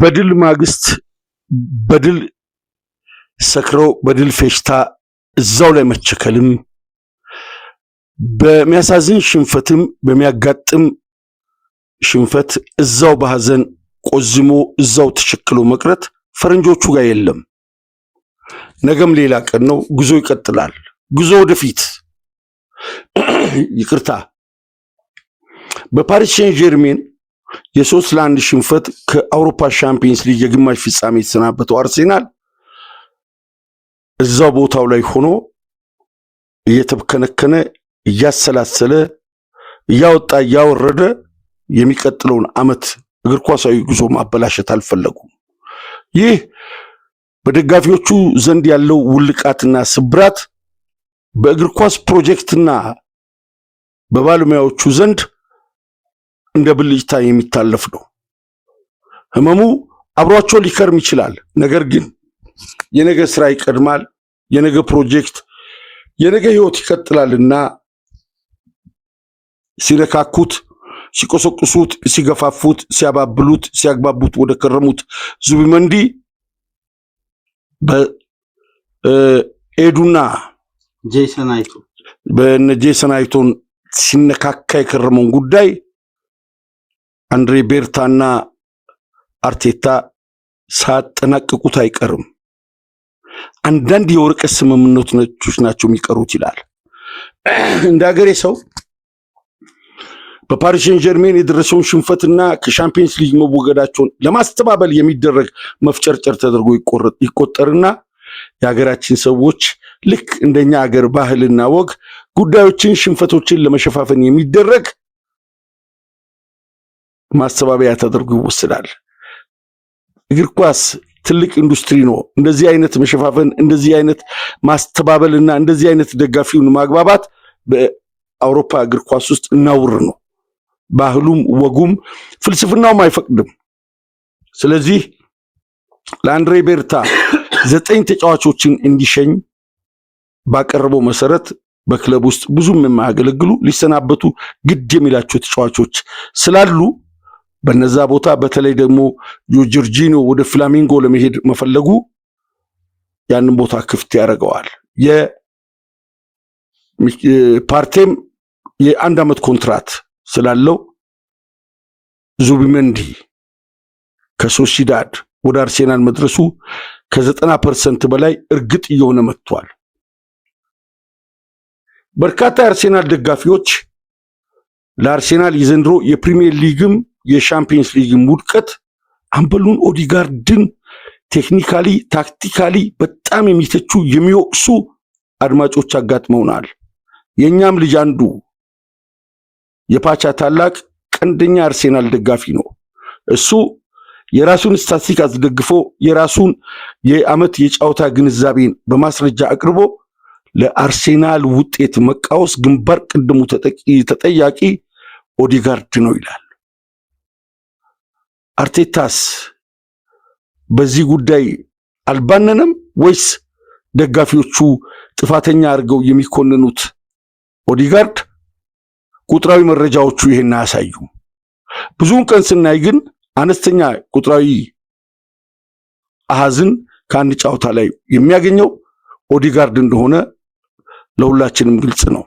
በድል ማግስት በድል ሰክሮ በድል ፌሽታ እዛው ላይ መቸከልም በሚያሳዝን ሽንፈትም በሚያጋጥም ሽንፈት እዛው በሐዘን ቆዝሞ እዛው ተሸክሎ መቅረት ፈረንጆቹ ጋር የለም። ነገም ሌላ ቀን ነው። ጉዞ ይቀጥላል። ጉዞ ወደፊት። ይቅርታ በፓሪስ ሴን ጀርሜን የሶስት ለአንድ ሽንፈት ከአውሮፓ ሻምፒየንስ ሊግ የግማሽ ፍጻሜ የተሰናበተው አርሴናል እዛው ቦታው ላይ ሆኖ እየተከነከነ እያሰላሰለ እያወጣ እያወረደ የሚቀጥለውን ዓመት እግር ኳሳዊ ጉዞ ማበላሸት አልፈለጉም። ይህ በደጋፊዎቹ ዘንድ ያለው ውልቃትና ስብራት በእግር ኳስ ፕሮጀክትና በባለሙያዎቹ ዘንድ እንደ ብልጭታ የሚታለፍ ነው። ህመሙ አብሯቸው ሊከርም ይችላል። ነገር ግን የነገ ስራ ይቀድማል። የነገ ፕሮጀክት፣ የነገ ህይወት ይቀጥላልና ሲነካኩት፣ ሲቆሰቁሱት፣ ሲገፋፉት፣ ሲያባብሉት፣ ሲያግባቡት ወደ ከረሙት ዙቢመንዲ በኤዱና በነ ጄሰን አይቶን ሲነካካ የከረመውን ጉዳይ አንድሬ ቤርታና አርቴታ ሳያጠናቅቁት አይቀርም። አንዳንድ የወረቀት ነቾች ናቸው የሚቀሩት ይላል። እንደ ሀገሬ ሰው በፓሪስ ሴን ጀርሜን የደረሰውን ሽንፈትና ከሻምፒየንስ ሊግ መወገዳቸውን ለማስተባበል የሚደረግ መፍጨርጨር ተደርጎ ይቆጠርና የሀገራችን ሰዎች ልክ እንደኛ ሀገር ባህልና ወግ ጉዳዮችን፣ ሽንፈቶችን ለመሸፋፈን የሚደረግ ማስተባበያ ተደርጎ ይወስዳል። እግር ኳስ ትልቅ ኢንዱስትሪ ነው። እንደዚህ አይነት መሸፋፈን፣ እንደዚህ አይነት ማስተባበልና እንደዚህ አይነት ደጋፊውን ማግባባት በአውሮፓ እግር ኳስ ውስጥ ነውር ነው። ባህሉም ወጉም ፍልስፍናውም አይፈቅድም። ስለዚህ ለአንድሬ ቤርታ ዘጠኝ ተጫዋቾችን እንዲሸኝ ባቀረበው መሰረት በክለብ ውስጥ ብዙም የማያገለግሉ ሊሰናበቱ ግድ የሚላቸው ተጫዋቾች ስላሉ በነዛ ቦታ በተለይ ደግሞ ጆርጂኖ ወደ ፍላሚንጎ ለመሄድ መፈለጉ ያንን ቦታ ክፍት ያደርገዋል። የፓርቴም የአንድ ዓመት ኮንትራት ስላለው ዙቢመንዲ ከሶሲዳድ ወደ አርሴናል መድረሱ ከዘጠና ፐርሰንት በላይ እርግጥ እየሆነ መጥቷል። በርካታ የአርሴናል ደጋፊዎች ለአርሴናል የዘንድሮ የፕሪሚየር ሊግም የሻምፒየንስ ሊግን ውድቀት አምበሉን ኦዲጋርድን ቴክኒካሊ ታክቲካሊ በጣም የሚተቹ የሚወቅሱ አድማጮች አጋጥመውናል። የእኛም ልጅ አንዱ የፓቻ ታላቅ ቀንደኛ አርሴናል ደጋፊ ነው። እሱ የራሱን ስታትስቲክ አስደግፎ የራሱን የዓመት የጨዋታ ግንዛቤን በማስረጃ አቅርቦ ለአርሴናል ውጤት መቃወስ ግንባር ቀደሙ ተጠያቂ ኦዲጋርድ ነው ይላል። አርቴታስ በዚህ ጉዳይ አልባነነም ወይስ ደጋፊዎቹ ጥፋተኛ አድርገው የሚኮንኑት ኦዲጋርድ? ቁጥራዊ መረጃዎቹ ይሄን አያሳዩ። ብዙውን ቀን ስናይ ግን አነስተኛ ቁጥራዊ አሃዝን ከአንድ ጨዋታ ላይ የሚያገኘው ኦዲጋርድ እንደሆነ ለሁላችንም ግልጽ ነው።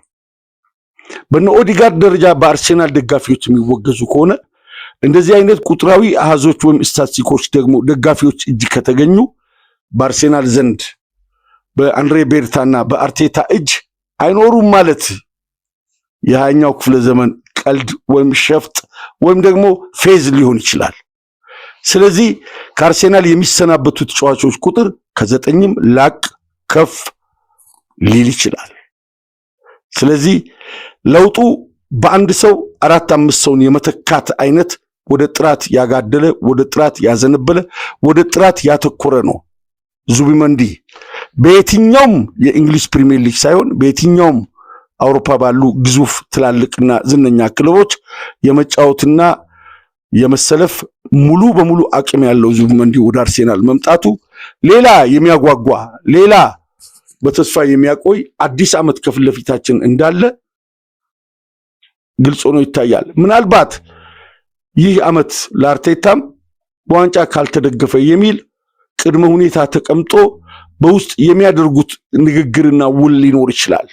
በነ ኦዲጋርድ ደረጃ በአርሴናል ደጋፊዎች የሚወገዙ ከሆነ እንደዚህ አይነት ቁጥራዊ አሃዞች ወይም ስታትስቲኮች ደግሞ ደጋፊዎች እጅ ከተገኙ በአርሴናል ዘንድ በአንድሬ ቤርታና በአርቴታ እጅ አይኖሩም ማለት የሃያኛው ክፍለ ዘመን ቀልድ ወይም ሸፍጥ ወይም ደግሞ ፌዝ ሊሆን ይችላል። ስለዚህ ከአርሴናል የሚሰናበቱ ተጫዋቾች ቁጥር ከዘጠኝም ላቅ ከፍ ሊል ይችላል። ስለዚህ ለውጡ በአንድ ሰው አራት አምስት ሰውን የመተካት አይነት ወደ ጥራት ያጋደለ፣ ወደ ጥራት ያዘነበለ፣ ወደ ጥራት ያተኮረ ነው። ዙቢመንዲ በየትኛውም የእንግሊዝ ፕሪሚየር ሊግ ሳይሆን በየትኛውም አውሮፓ ባሉ ግዙፍ ትላልቅና ዝነኛ ክለቦች የመጫወትና የመሰለፍ ሙሉ በሙሉ አቅም ያለው ዙቢመንዲ ወደ አርሴናል መምጣቱ ሌላ የሚያጓጓ ሌላ በተስፋ የሚያቆይ አዲስ ዓመት ከፊት ለፊታችን እንዳለ ግልጽ ሆኖ ይታያል። ምናልባት ይህ ዓመት ለአርቴታም በዋንጫ ካልተደገፈ የሚል ቅድመ ሁኔታ ተቀምጦ በውስጥ የሚያደርጉት ንግግርና ውል ሊኖር ይችላል።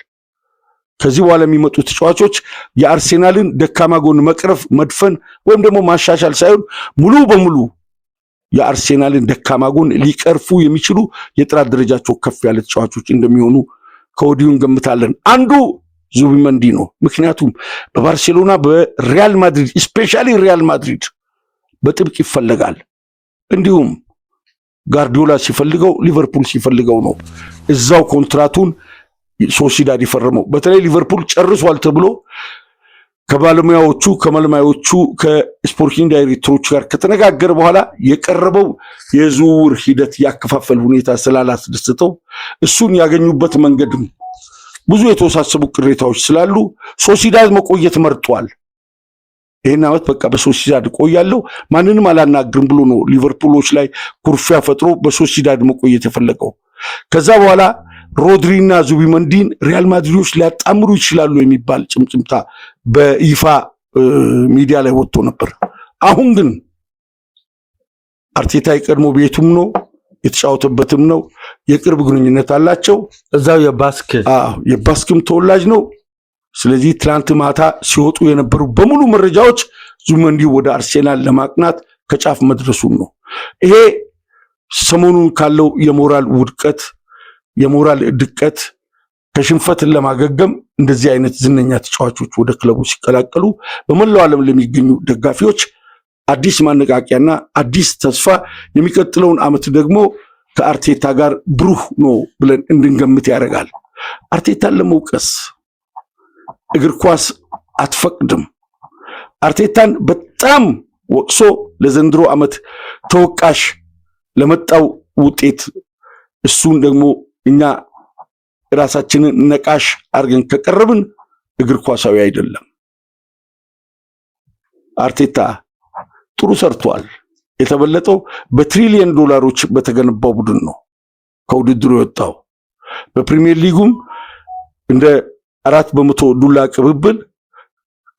ከዚህ በኋላ የሚመጡ ተጫዋቾች የአርሴናልን ደካማ ጎን መቅረፍ፣ መድፈን ወይም ደግሞ ማሻሻል ሳይሆን ሙሉ በሙሉ የአርሴናልን ደካማ ጎን ሊቀርፉ የሚችሉ የጥራት ደረጃቸው ከፍ ያለ ተጫዋቾች እንደሚሆኑ ከወዲሁ እንገምታለን። አንዱ ዙቢመንዲ ነው። ምክንያቱም በባርሴሎና በሪያል ማድሪድ ስፔሻሊ ሪያል ማድሪድ በጥብቅ ይፈለጋል። እንዲሁም ጋርዲዮላ ሲፈልገው ሊቨርፑል ሲፈልገው ነው እዛው ኮንትራቱን ሶሲዳድ ይፈርመው። በተለይ ሊቨርፑል ጨርሷል ተብሎ ከባለሙያዎቹ ከመልማዮቹ ከስፖርቲንግ ዳይሬክተሮች ጋር ከተነጋገረ በኋላ የቀረበው የዝውውር ሂደት ያከፋፈል ሁኔታ ስላላስደስተው እሱን ያገኙበት መንገድ ብዙ የተወሳሰቡ ቅሬታዎች ስላሉ ሶሲዳድ መቆየት መርጧል። ይህን ዓመት በቃ በሶሲዳድ እቆያለሁ ማንንም አላናግርም ብሎ ነው ሊቨርፑሎች ላይ ኩርፊያ ፈጥሮ በሶሲዳድ መቆየት የፈለገው። ከዛ በኋላ ሮድሪና ዙቢመንዲን ሪያል ማድሪዶች ሊያጣምሩ ይችላሉ የሚባል ጭምጭምታ በይፋ ሚዲያ ላይ ወጥቶ ነበር። አሁን ግን አርቴታ የቀድሞ ቤቱም ነው የተጫወተበትም ነው የቅርብ ግንኙነት አላቸው። እዛው የባስክ የባስክም ተወላጅ ነው። ስለዚህ ትላንት ማታ ሲወጡ የነበሩ በሙሉ መረጃዎች ዙቢሜንዲ ወደ አርሴናል ለማቅናት ከጫፍ መድረሱን ነው። ይሄ ሰሞኑን ካለው የሞራል ውድቀት የሞራል ድቀት ከሽንፈትን ለማገገም እንደዚህ አይነት ዝነኛ ተጫዋቾች ወደ ክለቡ ሲቀላቀሉ በመላው ዓለም ለሚገኙ ደጋፊዎች አዲስ ማነቃቂያና አዲስ ተስፋ የሚቀጥለውን ዓመት ደግሞ ከአርቴታ ጋር ብሩህ ነው ብለን እንድንገምት ያደርጋል። አርቴታን ለመውቀስ እግር ኳስ አትፈቅድም። አርቴታን በጣም ወቅሶ ለዘንድሮ ዓመት ተወቃሽ ለመጣው ውጤት እሱን ደግሞ እኛ ራሳችንን ነቃሽ አድርገን ከቀረብን እግር ኳሳዊ አይደለም። አርቴታ ጥሩ ሰርቷል። የተበለጠው በትሪሊየን ዶላሮች በተገነባው ቡድን ነው ከውድድሩ የወጣው። በፕሪሚየር ሊጉም እንደ አራት በመቶ ዱላ ቅብብል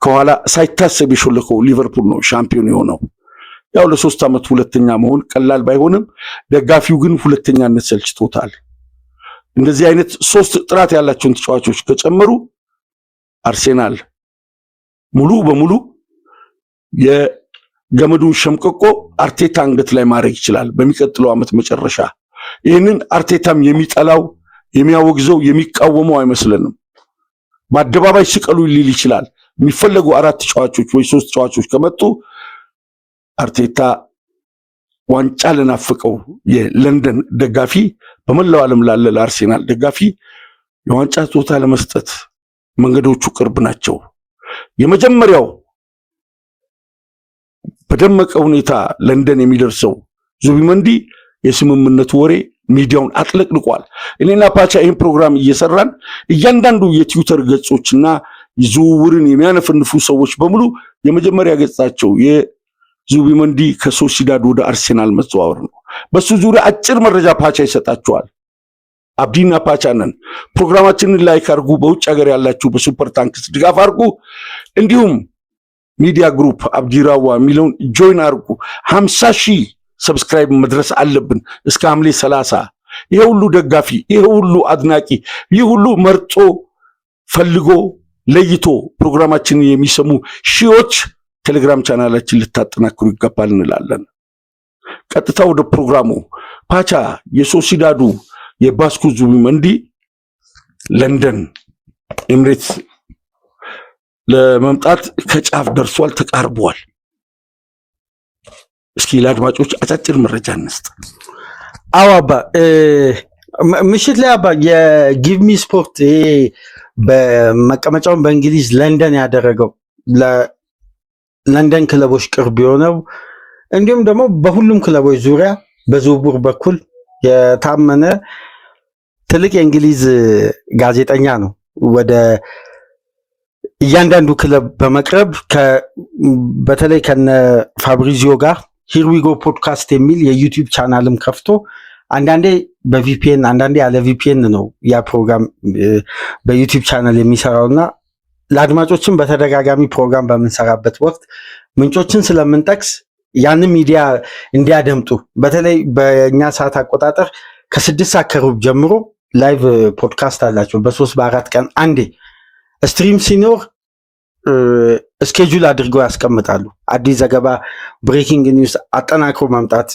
ከኋላ ሳይታሰብ የሾለከው ሊቨርፑል ነው ሻምፒዮን የሆነው። ያው ለሶስት ዓመት ሁለተኛ መሆን ቀላል ባይሆንም ደጋፊው ግን ሁለተኛነት ሰልችቶታል። እንደዚህ አይነት ሶስት ጥራት ያላቸውን ተጫዋቾች ከጨመሩ አርሴናል ሙሉ በሙሉ ገመዱን ሸምቀቆ አርቴታ አንገት ላይ ማድረግ ይችላል በሚቀጥለው ዓመት መጨረሻ። ይህንን አርቴታም የሚጠላው የሚያወግዘው የሚቃወመው አይመስለንም። በአደባባይ ስቀሉ ሊል ይችላል። የሚፈለጉ አራት ተጫዋቾች ወይ ሶስት ተጫዋቾች ከመጡ አርቴታ ዋንጫ ለናፍቀው የለንደን ደጋፊ፣ በመላው ዓለም ላለ ለአርሴናል ደጋፊ የዋንጫ ጾታ ለመስጠት መንገዶቹ ቅርብ ናቸው። የመጀመሪያው በደመቀ ሁኔታ ለንደን የሚደርሰው ዙቢመንዲ የስምምነቱ ወሬ ሚዲያውን አጥለቅልቋል። እኔና ፓቻ ይህን ፕሮግራም እየሰራን እያንዳንዱ የትዊተር ገጾችና ዝውውርን የሚያነፈንፉ ሰዎች በሙሉ የመጀመሪያ ገጻቸው የዙቢመንዲ ከሶሲዳድ ወደ አርሴናል መዘዋወር ነው። በሱ ዙሪያ አጭር መረጃ ፓቻ ይሰጣችኋል። አብዲና ፓቻ ነን። ፕሮግራማችንን ላይክ አድርጉ። በውጭ ሀገር ያላችሁ በሱፐር ታንክስ ድጋፍ አድርጉ። እንዲሁም ሚዲያ ግሩፕ አብዲራዋ የሚለውን ጆይን አርጉ። ሀምሳ ሺህ ሰብስክራይብ መድረስ አለብን እስከ ሐምሌ ሰላሳ ይሄ ሁሉ ደጋፊ ይሄ ሁሉ አድናቂ ይህ ሁሉ መርጦ ፈልጎ ለይቶ ፕሮግራማችንን የሚሰሙ ሺዎች ቴሌግራም ቻናላችን ልታጠናክሩ ይገባል እንላለን። ቀጥታ ወደ ፕሮግራሙ ፓቻ የሶሲዳዱ የባስኩ ዙቢ ለንደን ኤምሬትስ ለመምጣት ከጫፍ ደርሷል፣ ተቃርቧል። እስኪ ለአድማጮች አጫጭር መረጃ እንስጥ። አዎ አባ ምሽት ላይ አባ የጊቭሚ ስፖርት ይሄ በመቀመጫውን በእንግሊዝ ለንደን ያደረገው ለንደን ክለቦች ቅርብ የሆነው እንዲሁም ደግሞ በሁሉም ክለቦች ዙሪያ በዝውውር በኩል የታመነ ትልቅ የእንግሊዝ ጋዜጠኛ ነው ወደ እያንዳንዱ ክለብ በመቅረብ በተለይ ከነ ፋብሪዚዮ ጋር ሂርዊጎ ፖድካስት የሚል የዩቲዩብ ቻናልም ከፍቶ አንዳንዴ በቪፒኤን አንዳንዴ ያለ ቪፒኤን ነው ያ ፕሮግራም በዩቲዩብ ቻናል የሚሰራው እና ለአድማጮችን በተደጋጋሚ ፕሮግራም በምንሰራበት ወቅት ምንጮችን ስለምንጠቅስ ያንን ሚዲያ እንዲያደምጡ በተለይ በእኛ ሰዓት አቆጣጠር ከስድስት ከሩብ ጀምሮ ላይቭ ፖድካስት አላቸው። በሶስት በአራት ቀን አንዴ ስትሪም ሲኖር ስኬጁል አድርገው ያስቀምጣሉ። አዲስ ዘገባ፣ ብሬኪንግ ኒውስ አጠናክሮ ማምጣት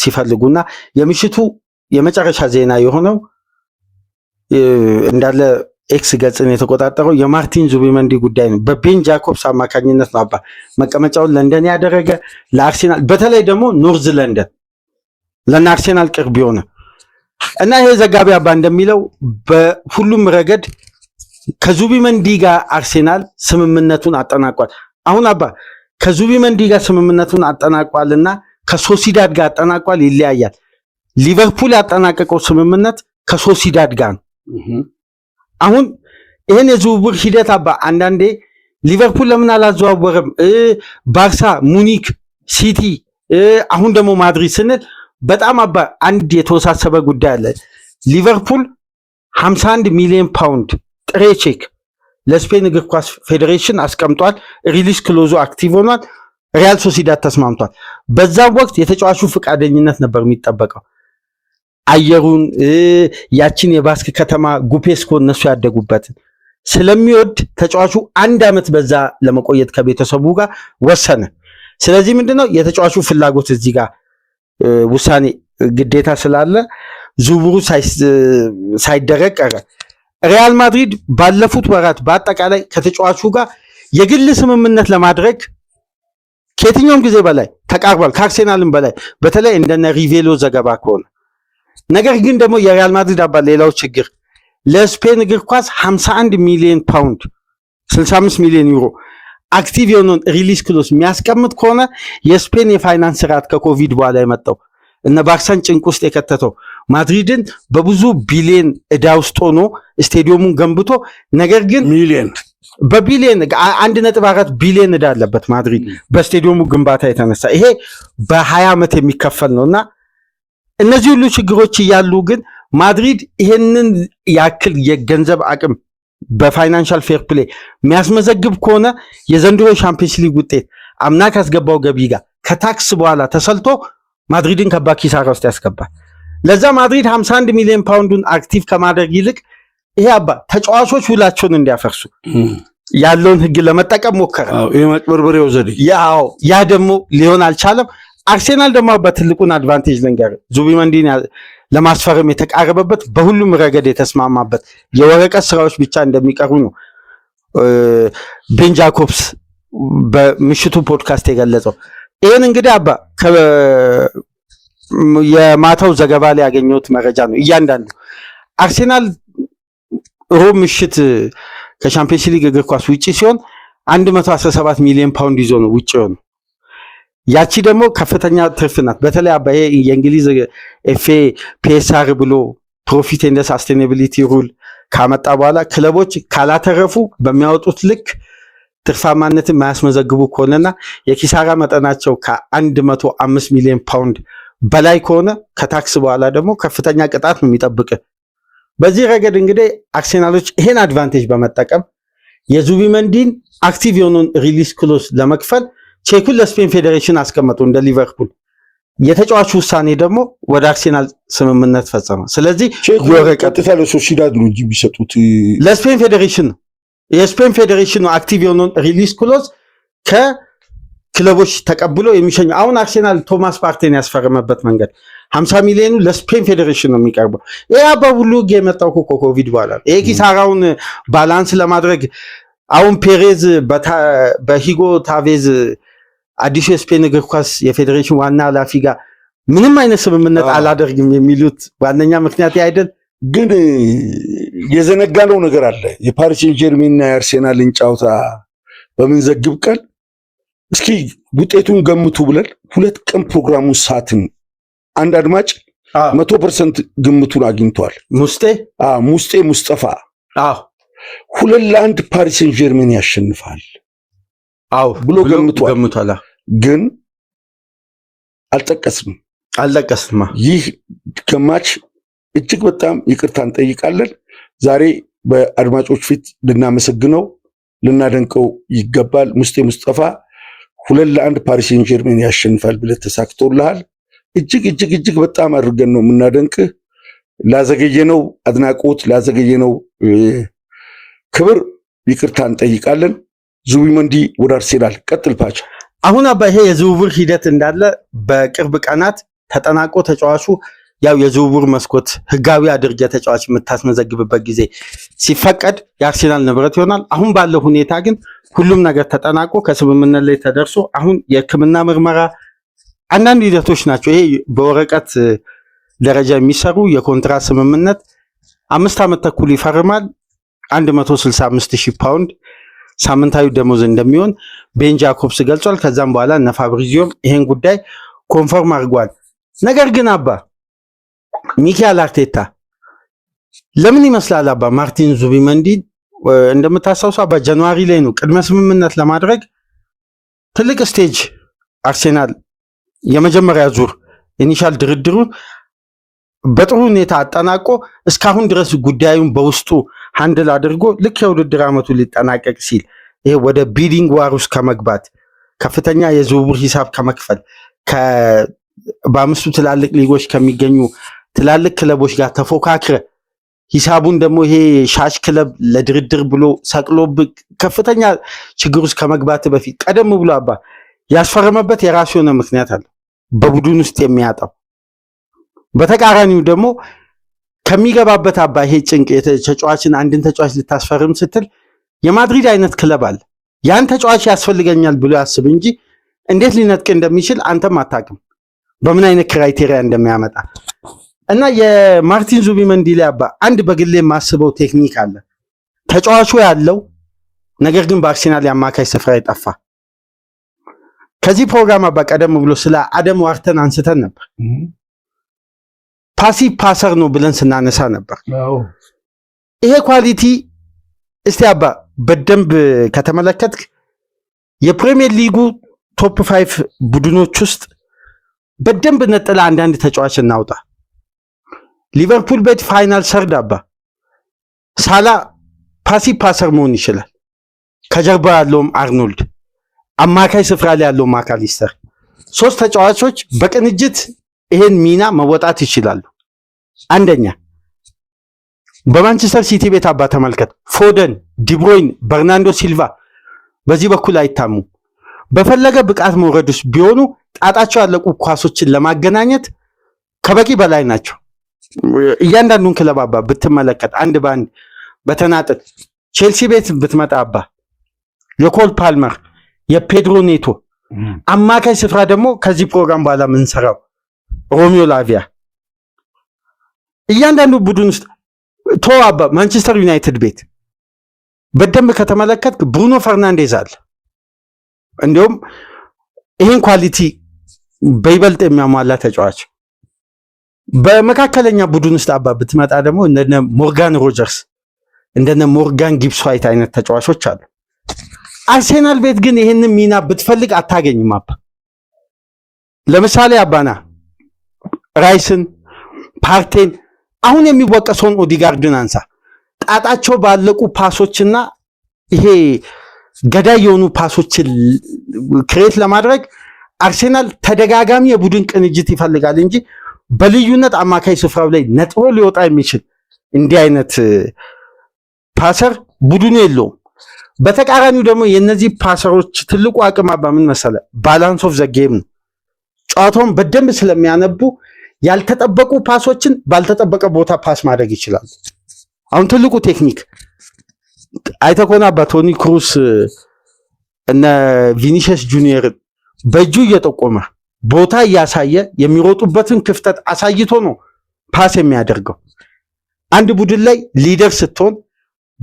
ሲፈልጉና የምሽቱ የመጨረሻ ዜና የሆነው እንዳለ ኤክስ ገጽን የተቆጣጠረው የማርቲን ዙቢመንዲ ጉዳይ ነው። በቤን ጃኮብስ አማካኝነት ነው አባ መቀመጫውን ለንደን ያደረገ ለአርሴናል በተለይ ደግሞ ኖርዝ ለንደን ለእነ አርሴናል ቅርብ የሆነ እና ይሄ ዘጋቢ አባ እንደሚለው በሁሉም ረገድ ከዙቢመንዲ ጋር አርሴናል ስምምነቱን አጠናቋል። አሁን አባ ከዙቢመንዲ ጋር ስምምነቱን አጠናቋልና ከሶሲዳድ ጋር አጠናቋል ይለያያል። ሊቨርፑል ያጠናቀቀው ስምምነት ከሶሲዳድ ጋር ነው። አሁን ይህን የዝውውር ሂደት አባ አንዳንዴ ሊቨርፑል ለምን አላዘዋወረም? ባርሳ፣ ሙኒክ፣ ሲቲ አሁን ደግሞ ማድሪድ ስንል በጣም አባ አንድ የተወሳሰበ ጉዳይ አለ። ሊቨርፑል 51 ሚሊዮን ፓውንድ ጥሬ ቼክ ለስፔን እግር ኳስ ፌዴሬሽን አስቀምጧል። ሪሊስ ክሎዙ አክቲቭ ሆኗል። ሪያል ሶሲዳድ ተስማምቷል። በዛም ወቅት የተጫዋቹ ፈቃደኝነት ነበር የሚጠበቀው። አየሩን ያችን የባስክ ከተማ ጉፔስኮ እነሱ ያደጉበትን ስለሚወድ ተጫዋቹ አንድ ዓመት በዛ ለመቆየት ከቤተሰቡ ጋር ወሰነ። ስለዚህ ምንድነው የተጫዋቹ ፍላጎት እዚህ ጋር ውሳኔ ግዴታ ስላለ ዝውውሩ ሳይደረግ ቀረ። ሪያል ማድሪድ ባለፉት ወራት በአጠቃላይ ከተጫዋቹ ጋር የግል ስምምነት ለማድረግ ከየትኛውም ጊዜ በላይ ተቃርቧል፣ ከአርሴናልም በላይ በተለይ እንደነ ሪቬሎ ዘገባ ከሆነ ነገር ግን ደግሞ የሪያል ማድሪድ አባል ሌላው ችግር ለስፔን እግር ኳስ 51 ሚሊዮን ፓውንድ 65 ሚሊዮን ዩሮ አክቲቭ የሆነውን ሪሊስ ክሎስ የሚያስቀምጥ ከሆነ የስፔን የፋይናንስ ስርዓት ከኮቪድ በኋላ የመጣው እነ ባርሳን ጭንቅ ውስጥ የከተተው ማድሪድን በብዙ ቢሊየን እዳ ውስጥ ሆኖ ስቴዲየሙን ገንብቶ ነገር ግን ሚሊየን በቢሊየን አንድ ነጥብ አራት ቢሊየን እዳ አለበት ማድሪድ በስቴዲየሙ ግንባታ የተነሳ ይሄ በሀያ ዓመት የሚከፈል ነው እና እነዚህ ሁሉ ችግሮች እያሉ ግን ማድሪድ ይሄንን ያክል የገንዘብ አቅም በፋይናንሻል ፌር ፕሌ የሚያስመዘግብ ከሆነ የዘንድሮ ሻምፒየንስ ሊግ ውጤት አምና ካስገባው ገቢ ጋር ከታክስ በኋላ ተሰልቶ ማድሪድን ከባድ ኪሳራ ውስጥ ያስገባል። ለዛ ማድሪድ 51 ሚሊዮን ፓውንዱን አክቲቭ ከማድረግ ይልቅ ይሄ አባ ተጫዋቾች ውላቸውን እንዲያፈርሱ ያለውን ህግ ለመጠቀም ሞከረ። መጭበርበሬው ዘዴ ያው ያ ደግሞ ሊሆን አልቻለም። አርሴናል ደግሞ በትልቁን አድቫንቴጅ ልንገር፣ ዙቢመንዲን ለማስፈረም የተቃረበበት በሁሉም ረገድ የተስማማበት የወረቀት ስራዎች ብቻ እንደሚቀሩ ነው ቤን ጃኮብስ በምሽቱ ፖድካስት የገለጸው። ይህን እንግዲህ አባ የማታው ዘገባ ላይ ያገኘሁት መረጃ ነው። እያንዳንዱ አርሴናል ሮብ ምሽት ከሻምፒየንስ ሊግ እግር ኳስ ውጪ ሲሆን 117 ሚሊዮን ፓውንድ ይዞ ነው ውጪ ሆኖ ያቺ ደግሞ ከፍተኛ ትርፍ ናት። በተለይ አባዬ የእንግሊዝ ኤፍ ኤ ፒኤስአር ብሎ ፕሮፊት ኤንድ ሳስቴናቢሊቲ ሩል ካመጣ በኋላ ክለቦች ካላተረፉ በሚያወጡት ልክ ትርፋማነትን ማያስመዘግቡ ከሆነና የኪሳራ መጠናቸው ከ105 ሚሊዮን ፓውንድ በላይ ከሆነ ከታክስ በኋላ ደግሞ ከፍተኛ ቅጣት ነው የሚጠብቅ። በዚህ ረገድ እንግዲህ አርሴናሎች ይሄን አድቫንቴጅ በመጠቀም የዙቢመንዲን አክቲቭ የሆኑን ሪሊስ ክሎስ ለመክፈል ቼኩን ለስፔን ፌዴሬሽን አስቀመጡ እንደ ሊቨርፑል። የተጫዋቹ ውሳኔ ደግሞ ወደ አርሴናል ስምምነት ፈጸመ። ስለዚህ ቀጥታ ለሶሲዳድ ነው እንጂ የሚሰጡት ለስፔን ፌዴሬሽን ነው። የስፔን ፌዴሬሽን ነው አክቲቭ የሆኑን ሪሊስ ክሎዝ ከ ክለቦች ተቀብሎ የሚሸኙ አሁን አርሴናል ቶማስ ፓርቴን ያስፈረመበት መንገድ ሀምሳ ሚሊዮኑ ለስፔን ፌዴሬሽን ነው የሚቀርበው። ያ በሁሉ ጌ የመጣው እኮ በኋላ ይሄ ኪሳራውን ባላንስ ለማድረግ አሁን ፔሬዝ በሂጎ ታቬዝ አዲሱ የስፔን እግር ኳስ የፌዴሬሽን ዋና ኃላፊ ጋር ምንም አይነት ስምምነት አላደርግም የሚሉት ዋነኛ ምክንያት አይደል? ግን የዘነጋነው ነገር አለ። የፓሪስ ሴንት ጀርሜንና የአርሴናልን ጫውታ በምንዘግብ ቀን እስኪ ውጤቱን ገምቱ ብለን ሁለት ቀን ፕሮግራሙ ሳትን አንድ አድማጭ መቶ ፐርሰንት ግምቱን አግኝቷል። ሙስጤ ሙስጤ ሙስጠፋ ሁለት ለአንድ ፓሪስን ጀርሜን ያሸንፋል ብሎ ገምቷል። ግን አልጠቀስም አልጠቀስም። ይህ ገማች እጅግ በጣም ይቅርታ እንጠይቃለን። ዛሬ በአድማጮች ፊት ልናመሰግነው ልናደንቀው ይገባል። ሙስጤ ሙስጠፋ ሁለት ለአንድ ፓሪስ ሴን ጀርሜን ያሸንፋል ብለህ ተሳክቶልሃል። እጅግ እጅግ እጅግ በጣም አድርገን ነው የምናደንቅህ። ላዘገየነው አድናቆት፣ ላዘገየ ነው ክብር ይቅርታ እንጠይቃለን። ዙቢመንዲ ወደ አርሴናል ቀጥል። ፓቻ አሁን አባ ይሄ የዝውውር ሂደት እንዳለ በቅርብ ቀናት ተጠናቆ ተጫዋቹ ያው የዝውውር መስኮት ህጋዊ አድርገ ተጫዋች የምታስመዘግብበት ጊዜ ሲፈቀድ የአርሴናል ንብረት ይሆናል። አሁን ባለው ሁኔታ ግን ሁሉም ነገር ተጠናቆ ከስምምነት ላይ ተደርሶ አሁን የህክምና ምርመራ አንዳንድ ሂደቶች ናቸው። ይሄ በወረቀት ደረጃ የሚሰሩ የኮንትራት ስምምነት አምስት ዓመት ተኩል ይፈርማል። 165 ሺህ ፓውንድ ሳምንታዊ ደሞዝ እንደሚሆን ቤን ጃኮብስ ገልጿል። ከዛም በኋላ እነ ፋብሪዚዮም ይሄን ጉዳይ ኮንፈርም አድርጓል። ነገር ግን አባ ሚካኤል አርቴታ ለምን ይመስላል አባ ማርቲን ዙቢመንዲን እንደምታስታውሷ በጃንዋሪ ላይ ነው ቅድመ ስምምነት ለማድረግ ትልቅ ስቴጅ አርሴናል የመጀመሪያ ዙር ኢኒሻል ድርድሩ በጥሩ ሁኔታ አጠናቆ እስካሁን ድረስ ጉዳዩን በውስጡ ሀንድል አድርጎ ልክ የውድድር ዓመቱ ሊጠናቀቅ ሲል ይሄ ወደ ቢዲንግ ዋር ውስጥ ከመግባት ከፍተኛ የዝውውር ሂሳብ ከመክፈል በአምስቱ ትላልቅ ሊጎች ከሚገኙ ትላልቅ ክለቦች ጋር ተፎካክረ ሂሳቡን ደግሞ ይሄ ሻሽ ክለብ ለድርድር ብሎ ሰቅሎ ከፍተኛ ችግር ውስጥ ከመግባት በፊት ቀደም ብሎ አባ ያስፈረመበት የራሱ የሆነ ምክንያት አለ፣ በቡድን ውስጥ የሚያጣው በተቃራኒው ደግሞ ከሚገባበት አባ ይሄ ጭንቅ ተጫዋችን አንድን ተጫዋች ልታስፈርም ስትል የማድሪድ አይነት ክለብ አለ ያን ተጫዋች ያስፈልገኛል ብሎ ያስብ እንጂ እንዴት ሊነጥቅ እንደሚችል አንተም አታውቅም፣ በምን አይነት ክራይቴሪያ እንደሚያመጣ እና የማርቲን ዙቢመንዲ ላይ አባ አንድ በግሌ የማስበው ቴክኒክ አለ። ተጫዋቹ ያለው ነገር ግን በአርሴናል የአማካይ ስፍራ የጠፋ ከዚህ ፕሮግራም አባ ቀደም ብሎ ስለ አደም ዋርተን አንስተን ነበር። ፓሲቭ ፓሰር ነው ብለን ስናነሳ ነበር። ይሄ ኳሊቲ እስቲ አባ በደንብ ከተመለከትክ የፕሪሚየር ሊጉ ቶፕ ፋይቭ ቡድኖች ውስጥ በደንብ ነጥላ አንዳንድ ተጫዋች እናውጣ። ሊቨርፑል ቤት ፋይናል ሰርድ አባ ሳላ ፓሲ ፓሰር መሆን ይችላል። ከጀርባ ያለውም አርኖልድ፣ አማካይ ስፍራ ላይ ያለው ማካሊስተር፣ ሶስት ተጫዋቾች በቅንጅት ይሄን ሚና መወጣት ይችላሉ። አንደኛ በማንቸስተር ሲቲ ቤት አባ ተመልከት፣ ፎደን፣ ዲብሮይን፣ በርናንዶ ሲልቫ በዚህ በኩል አይታሙ። በፈለገ ብቃት መውረድ ውስጥ ቢሆኑ ጣጣቸው ያለቁ ኳሶችን ለማገናኘት ከበቂ በላይ ናቸው። እያንዳንዱን ክለብ አባ ብትመለከት አንድ በአንድ በተናጠል ቼልሲ ቤት ብትመጣ አባ የኮል ፓልመር የፔድሮ ኔቶ አማካይ ስፍራ ደግሞ ከዚህ ፕሮግራም በኋላ የምንሰራው ሮሚዮ ላቪያ እያንዳንዱ ቡድን ውስጥ ቶ አባ ማንቸስተር ዩናይትድ ቤት በደንብ ከተመለከት ብሩኖ ፈርናንዴዝ አለ። እንዲሁም ይህን ኳሊቲ በይበልጥ የሚያሟላ ተጫዋች በመካከለኛ ቡድን ውስጥ አባ ብትመጣ ደግሞ እንደነ ሞርጋን ሮጀርስ እንደነ ሞርጋን ጊብስ ዋይት አይነት ተጫዋቾች አሉ። አርሴናል ቤት ግን ይህንን ሚና ብትፈልግ አታገኝም። አባ ለምሳሌ አባና ራይስን፣ ፓርቴን አሁን የሚወቀሰውን ኦዲጋርድን አንሳ። ጣጣቸው ባለቁ ፓሶችና ይሄ ገዳይ የሆኑ ፓሶችን ክሬት ለማድረግ አርሴናል ተደጋጋሚ የቡድን ቅንጅት ይፈልጋል እንጂ በልዩነት አማካይ ስፍራው ላይ ነጥሮ ሊወጣ የሚችል እንዲህ አይነት ፓሰር ቡድኑ የለውም። በተቃራኒው ደግሞ የነዚህ ፓሰሮች ትልቁ አቅም በምን መሰለ? ባላንስ ኦፍ ዘ ጌም ነው። ጨዋታውን በደንብ ስለሚያነቡ ያልተጠበቁ ፓሶችን ባልተጠበቀ ቦታ ፓስ ማድረግ ይችላሉ። አሁን ትልቁ ቴክኒክ አይተኮና በቶኒ ክሩስ እነ ቪኒሽስ ጁኒየርን በእጁ እየጠቆመ ቦታ እያሳየ የሚሮጡበትን ክፍተት አሳይቶ ነው ፓስ የሚያደርገው። አንድ ቡድን ላይ ሊደር ስትሆን፣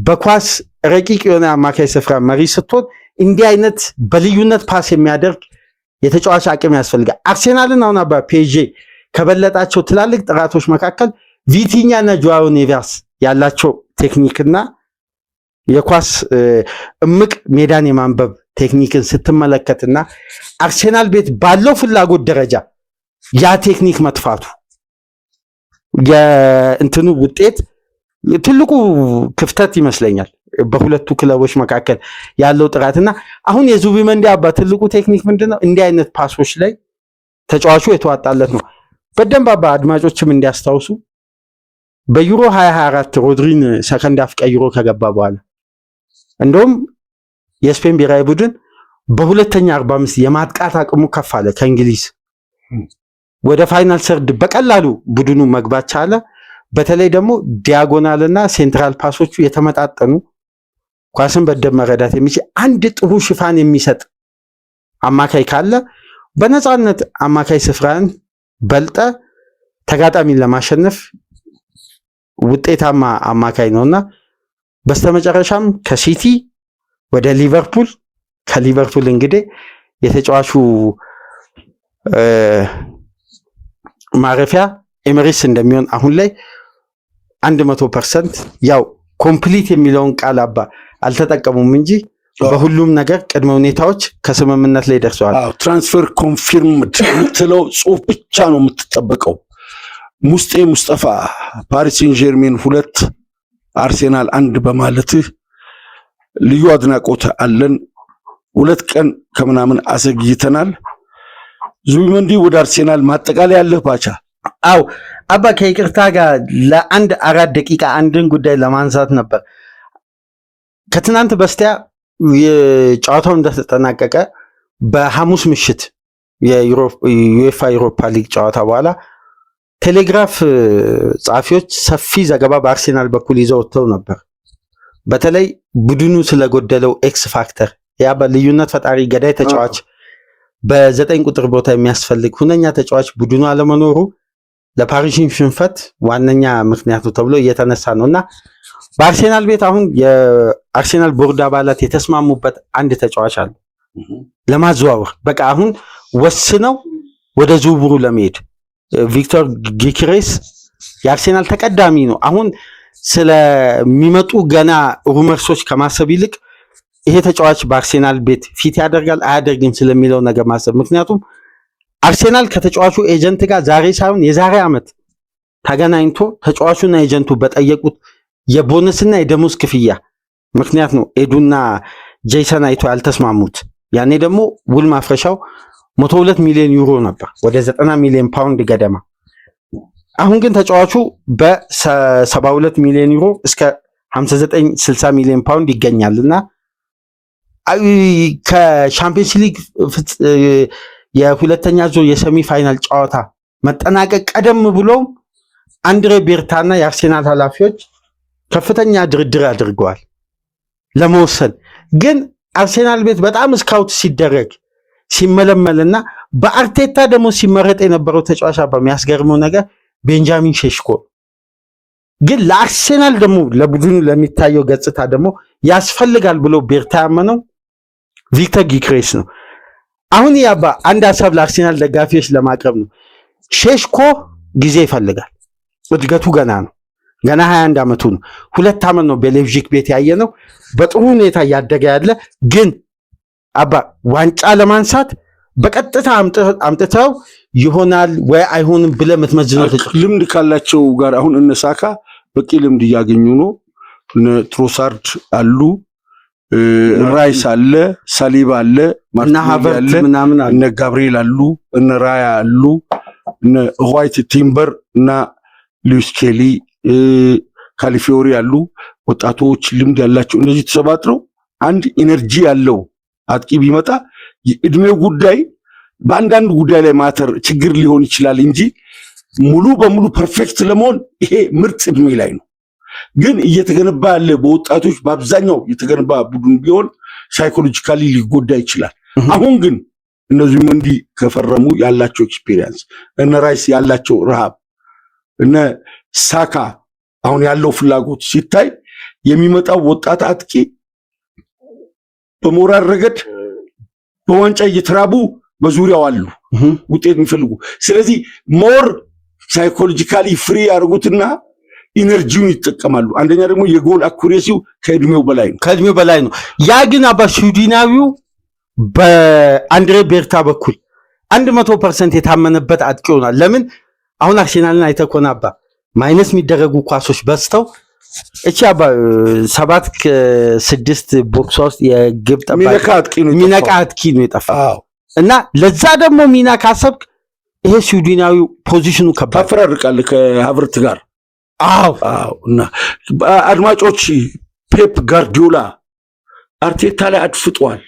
በኳስ ረቂቅ የሆነ አማካይ ስፍራ መሪ ስትሆን፣ እንዲህ አይነት በልዩነት ፓስ የሚያደርግ የተጫዋች አቅም ያስፈልጋል። አርሴናልን አሁን አባ ፔዤ ከበለጣቸው ትላልቅ ጥራቶች መካከል ቪቲኛ እና ጆዋዮ ኔቪያስ ያላቸው ቴክኒክና የኳስ እምቅ ሜዳን የማንበብ ቴክኒክን ስትመለከትና አርሴናል ቤት ባለው ፍላጎት ደረጃ ያ ቴክኒክ መጥፋቱ የእንትኑ ውጤት ትልቁ ክፍተት ይመስለኛል። በሁለቱ ክለቦች መካከል ያለው ጥራትና አሁን የዙቢመንዲ አባ ትልቁ ቴክኒክ ምንድነው? እንዲህ አይነት ፓሶች ላይ ተጫዋቹ የተዋጣለት ነው። በደንብ አባ አድማጮችም እንዲያስታውሱ በዩሮ 2024 ሮድሪን ሰከንድ አፍ ቀይሮ ከገባ በኋላ እንደውም የስፔን ብሔራዊ ቡድን በሁለተኛ 45 የማጥቃት አቅሙ ከፍ አለ። ከእንግሊዝ ወደ ፋይናል ሰርድ በቀላሉ ቡድኑ መግባት ቻለ። በተለይ ደግሞ እና ሴንትራል ፓሶቹ የተመጣጠኑ ኳስን በደብ መረዳት የሚችል አንድ ጥሩ ሽፋን የሚሰጥ አማካይ ካለ በነፃነት አማካይ ስፍራን በልጠ ተጋጣሚን ለማሸነፍ ውጤታማ አማካይ ነውና በስተመጨረሻም ከሲቲ ወደ ሊቨርፑል ከሊቨርፑል እንግዲህ የተጫዋቹ ማረፊያ ኤምሬትስ እንደሚሆን አሁን ላይ አንድ መቶ ፐርሰንት ያው ኮምፕሊት የሚለውን ቃል አባ አልተጠቀሙም እንጂ በሁሉም ነገር ቅድመ ሁኔታዎች ከስምምነት ላይ ደርሰዋል። ትራንስፈር ኮንፊርምድ የምትለው ጽሁፍ ብቻ ነው የምትጠበቀው። ሙስጤ ሙስጠፋ ፓሪስ ሴን ጀርሜን ሁለት አርሴናል አንድ በማለትህ ልዩ አድናቆት አለን። ሁለት ቀን ከምናምን አሰግይተናል። ዙቢመንዲ ወደ አርሴናል ማጠቃለያ ያለህ ባቻ። አው አባ ከይቅርታ ጋር ለአንድ አራት ደቂቃ አንድን ጉዳይ ለማንሳት ነበር። ከትናንት በስቲያ ጨዋታው እንደተጠናቀቀ በሐሙስ ምሽት የዩኤፋ ዩሮፓ ሊግ ጨዋታ በኋላ ቴሌግራፍ ጸሐፊዎች ሰፊ ዘገባ በአርሴናል በኩል ይዘው ወጥተው ነበር። በተለይ ቡድኑ ስለጎደለው ኤክስ ፋክተር ያ በልዩነት ፈጣሪ ገዳይ ተጫዋች በዘጠኝ ቁጥር ቦታ የሚያስፈልግ ሁነኛ ተጫዋች ቡድኑ አለመኖሩ ለፓሪሽን ሽንፈት ዋነኛ ምክንያቱ ተብሎ እየተነሳ ነው እና በአርሴናል ቤት አሁን የአርሴናል ቦርድ አባላት የተስማሙበት አንድ ተጫዋች አሉ ለማዘዋወር በቃ አሁን ወስነው ወደ ዝውውሩ ለመሄድ ቪክቶር ጊክሬስ የአርሴናል ተቀዳሚ ነው አሁን ስለሚመጡ ገና ሩመርሶች ከማሰብ ይልቅ ይሄ ተጫዋች በአርሴናል ቤት ፊት ያደርጋል አያደርግም ስለሚለው ነገር ማሰብ። ምክንያቱም አርሴናል ከተጫዋቹ ኤጀንት ጋር ዛሬ ሳይሆን የዛሬ ዓመት ተገናኝቶ ተጫዋቹና ኤጀንቱ በጠየቁት የቦነስና የደሞዝ ክፍያ ምክንያት ነው ኤዱና ጄሰን አይቶ ያልተስማሙት። ያኔ ደግሞ ውል ማፍረሻው ቶ ሁለት ሚሊዮን ዩሮ ነበር ወደ ዘጠና ሚሊዮን ፓውንድ ገደማ አሁን ግን ተጫዋቹ በ72 ሚሊዮን ዩሮ እስከ 59 ሚሊዮን ፓውንድ ይገኛል እና ከሻምፒየንስ ሊግ የሁለተኛ ዙር የሰሚ ፋይናል ጨዋታ መጠናቀቅ ቀደም ብሎ አንድሬ ቤርታና የአርሴናል ኃላፊዎች ከፍተኛ ድርድር አድርገዋል ለመወሰን ግን አርሴናል ቤት በጣም ስካውት ሲደረግ ሲመለመልና በአርቴታ ደግሞ ሲመረጥ የነበረው ተጫዋች በሚያስገርመው ነገር ቤንጃሚን ሼሽኮ ግን ለአርሴናል ደግሞ ለቡድኑ ለሚታየው ገጽታ ደግሞ ያስፈልጋል ብሎ ቤርታ ያመነው ቪክተር ጊክሬስ ነው። አሁን ያባ አንድ ሀሳብ ለአርሴናል ደጋፊዎች ለማቅረብ ነው። ሼሽኮ ጊዜ ይፈልጋል። እድገቱ ገና ነው። ገና 21 ዓመቱ ነው። ሁለት ዓመት ነው በሌብዥክ ቤት ያየ ነው። በጥሩ ሁኔታ እያደገ ያለ ግን አባ ዋንጫ ለማንሳት በቀጥታ አምጥተው ይሆናል ወይ አይሆንም ብለህ የምትመዝነው ልምድ ካላቸው ጋር አሁን እነ ሳካ በቂ ልምድ እያገኙ ነው። ትሮሳርድ አሉ፣ ራይስ አለ፣ ሳሊባ አለ፣ ማርቲኔሊ አለ፣ እነ ጋብሪኤል አሉ፣ እነ ራያ አሉ፣ እነ ዋይት ቲምበር እና ሉዊስ ኬሊ ካሊፊዮሪ አሉ። ወጣቶች ልምድ ያላቸው እነዚህ ተሰባጥረው አንድ ኢነርጂ ያለው አጥቂ ቢመጣ የእድሜው ጉዳይ በአንዳንድ ጉዳይ ላይ ማተር ችግር ሊሆን ይችላል እንጂ ሙሉ በሙሉ ፐርፌክት ለመሆን ይሄ ምርጥ እድሜ ላይ ነው። ግን እየተገነባ ያለ በወጣቶች በአብዛኛው የተገነባ ቡድን ቢሆን ሳይኮሎጂካሊ ሊጎዳ ይችላል። አሁን ግን እነዚህም መንዲ ከፈረሙ ያላቸው ኤክስፔሪንስ እነ ራይስ ያላቸው ረሃብ እነ ሳካ አሁን ያለው ፍላጎት ሲታይ የሚመጣው ወጣት አጥቂ በሞራል ረገድ በዋንጫ እየተራቡ በዙሪያው አሉ ውጤት የሚፈልጉ። ስለዚህ ሞር ሳይኮሎጂካሊ ፍሪ ያደርጉትና ኢነርጂውን ይጠቀማሉ። አንደኛ ደግሞ የጎል አኩሬሲው ከእድሜው በላይ ነው፣ ከእድሜው በላይ ነው። ያ ግን አባ በአንድሬ ቤርታ በኩል አንድ መቶ ፐርሰንት የታመነበት አጥቂ ሆኗል። ለምን አሁን አርሴናልን አይተኮን አባ ማይነስ የሚደረጉ ኳሶች በዝተው እቺ አባ ሰባት ስድስት ቦክሷ ውስጥ የግብ ጠባቂ የሚነካ አጥቂ ነው የጠፋ እና ለዛ ደግሞ ሚና ካሰብክ ይሄ ስዊድናዊ ፖዚሽኑ ከባድ ከሀብርት ጋር። አዎ እና አድማጮች ፔፕ ጋርዲዮላ አርቴታ ላይ አድፍጧል።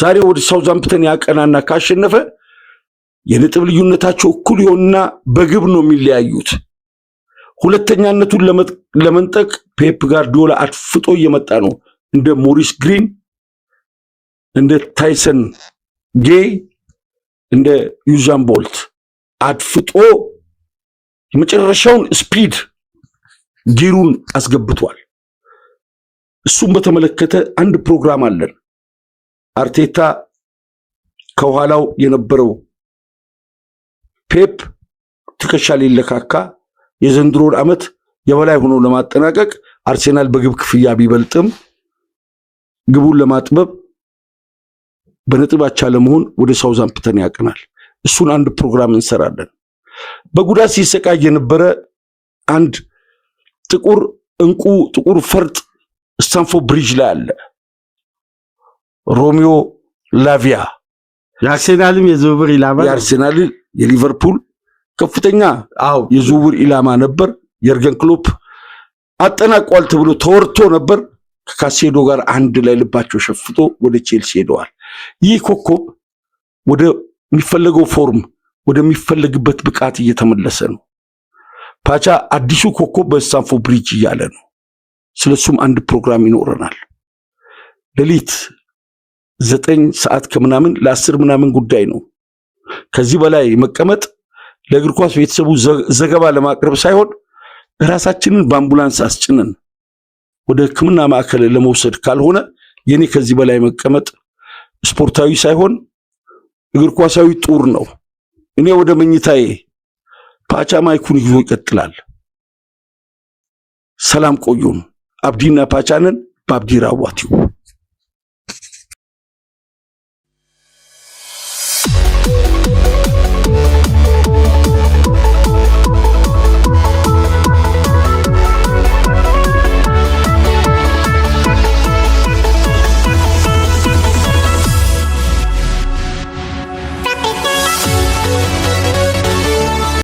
ዛሬ ወደ ሳውዛምፕተን ያቀናና ካሸነፈ የነጥብ ልዩነታቸው እኩል ይሆንና በግብ ነው የሚለያዩት። ሁለተኛነቱን ለመንጠቅ ፔፕ ጋርዲዮላ አድፍጦ እየመጣ ነው። እንደ ሞሪስ ግሪን እንደ ታይሰን ጌይ እንደ ዩዛን ቦልት አድፍጦ የመጨረሻውን ስፒድ ጊሩን አስገብቷል። እሱም በተመለከተ አንድ ፕሮግራም አለን። አርቴታ ከኋላው የነበረው ፔፕ ትከሻ ሊለካካ የዘንድሮን ዓመት የበላይ ሆኖ ለማጠናቀቅ አርሴናል በግብ ክፍያ ቢበልጥም ግቡን ለማጥበብ በነጥባቻ ለመሆን ወደ ሳውዛምፕተን ያቀናል። እሱን አንድ ፕሮግራም እንሰራለን። በጉዳት ሲሰቃይ የነበረ አንድ ጥቁር እንቁ ጥቁር ፈርጥ ስታንፎርድ ብሪጅ ላይ አለ። ሮሚዮ ላቪያ የአርሴናልም የዝውውር ኢላማ የአርሴናል የሊቨርፑል ከፍተኛ አዎ የዝውውር ኢላማ ነበር። የርገን ክሎፕ አጠናቋል ተብሎ ተወርቶ ነበር። ከካሴዶ ጋር አንድ ላይ ልባቸው ሸፍቶ ወደ ቼልሲ ሄደዋል። ይህ ኮከብ ወደሚፈለገው ፎርም ወደሚፈለግበት ብቃት እየተመለሰ ነው። ፓቻ አዲሱ ኮከብ በስታንፎርድ ብሪጅ እያለ ነው። ስለሱም አንድ ፕሮግራም ይኖረናል። ሌሊት ዘጠኝ ሰዓት ከምናምን ለአስር ምናምን ጉዳይ ነው። ከዚህ በላይ መቀመጥ ለእግር ኳስ ቤተሰቡ ዘገባ ለማቅረብ ሳይሆን ራሳችንን በአምቡላንስ አስጭነን ወደ ሕክምና ማዕከል ለመውሰድ ካልሆነ የኔ ከዚህ በላይ መቀመጥ ስፖርታዊ ሳይሆን እግር ኳሳዊ ጡር ነው። እኔ ወደ መኝታዬ ፓቻ ማይኩን ይዞ ይቀጥላል። ሰላም ቆዩን። አብዲና ፓቻንን በአብዲ ራዋቲው